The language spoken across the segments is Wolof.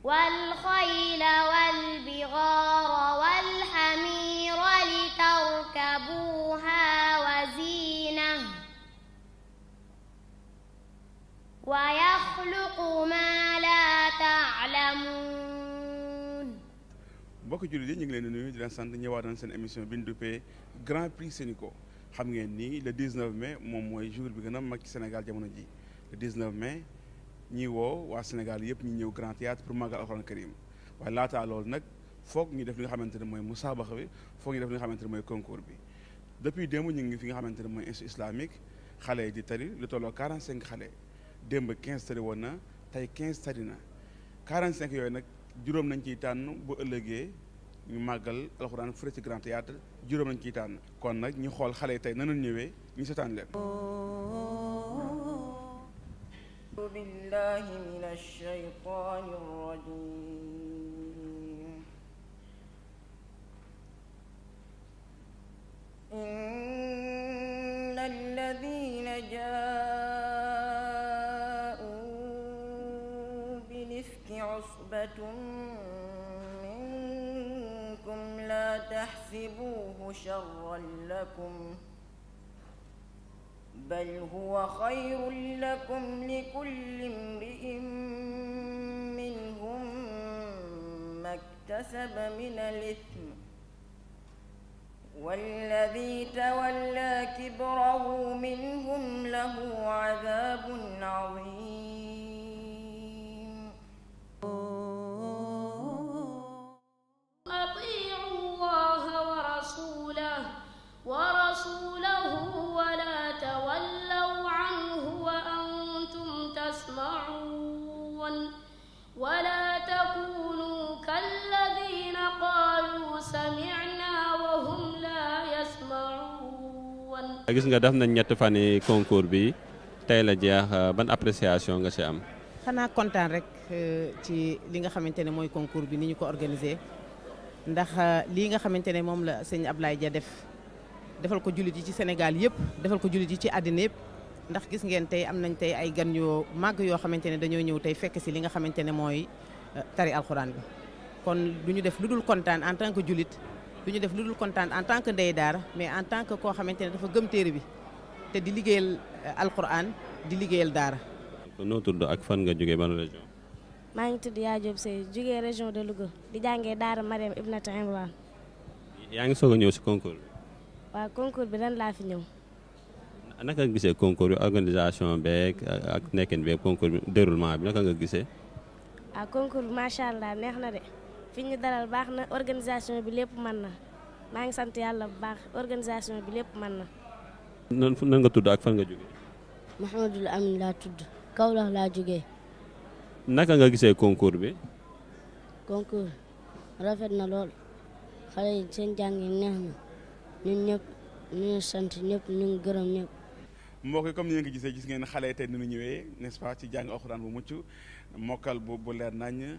والخيل والبغار والحمير لتركبوها وزينة ويخلق ما لا تعلمون بوكو جولي دي نيغي لين نوي دي لان سانت نيواتا سن اميسيون بين دوبي غران بري سينيكو خامغي ني لو 19 مي موم موي جور بي غنا ماكي سينيغال جامونو جي لو 19 مي ñuy woo waa Sénégal yëpp ñu ñëw Grand Théâtre pour màggal alxuraan karim waaye laataa loolu nag foog ñu def li nga xamante ne mooy musaabaxa bi foog ñu def li nga xamante ne mooy concours bi depuis démb ñu ngi fi nga xamante ne mooy institut islamique xale yi di tari lu tolloo 45 xale démb quinze tari woon na tey quinze tari na 45 yooyu nag juróom nañ ci tànn bu ëllëgee ñu màggal alxuraan fële ci Grand Théâtre juróom nañ ciy tànn kon nag ñu xool xale yi tey nanu ñëwee ñu بالله من الشيطان الرجيم إن الذين جاءوا بالإفك عصبة منكم لا تحسبوه شرا لكم ۖ بل هو خير لكم لكل امرئ منهم ما اكتسب من الإثم والذي تولى كبره منهم له عذاب عظيم أطيعوا الله ورسوله ورسوله Ah, gis nga def nañ ñetti fan yi concours bi tey la jeex ah, ban appréciation nga ci am. xanaa kontaan rek euh, ci li nga xamante ne mooy concours bi ni ñu ko organisé ndax ah, lii nga xamante ne moom la sëñ ablaay ja def defal ko jullit yi ci Sénégal yëpp defal ko jullit yi ci àddina yëpp ndax gis ngeen tey am nañ tey ay gan yoo màgg yoo xamante ne dañoo ñëw tey fekk si li nga xamante ne mooy euh, tari alxuraan bi kon du ñu def lu dul kontaan en tant que jullit du ñu def lu dul kontaan en tant que ndey daara mais en tant que koo xamante ne dafa gëm téere bi te di liggéeyal euh, alquran di liggéeyal daara. noo tudd ak fan nga jógee ban région. maa ngi tudd Yaa Diop Seye jógee région de Louga di jàngee daara Mariam Ibnata Imran. yaa ngi soo a ñëw si concours bi. waaw concours bi ren laa ñëw. naka nga gisee concours bi organisation beeg ak nekkin beeg concours bi déroulement bi naka nga gise ah concours bi macha allah neex na fi ñu dalal baax na organisation bi lépp mën na maa ngi sant yàlla bu baax organisation bi lépp man na. nan nan nga tudd ak fan nga jógee. Mouhamadul Amin laa tudd Kaolack laa jógee. naka nga gisee concours bi. concours rafet na lool xale yi seen jàng yi neex na ñun ñëpp ñu sant ñëpp ñu ngi gërëm ñëpp. mbokk comme ni ngeen gisee gis ngeen xale tey ni mu ñëwee nest ci jàng alxuraan bu mucc mokkal bu bu leer nañ.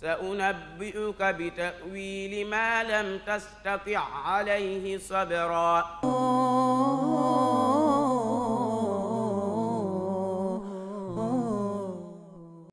سأنبئك بتأويل ما لم تستطع عليه صبرا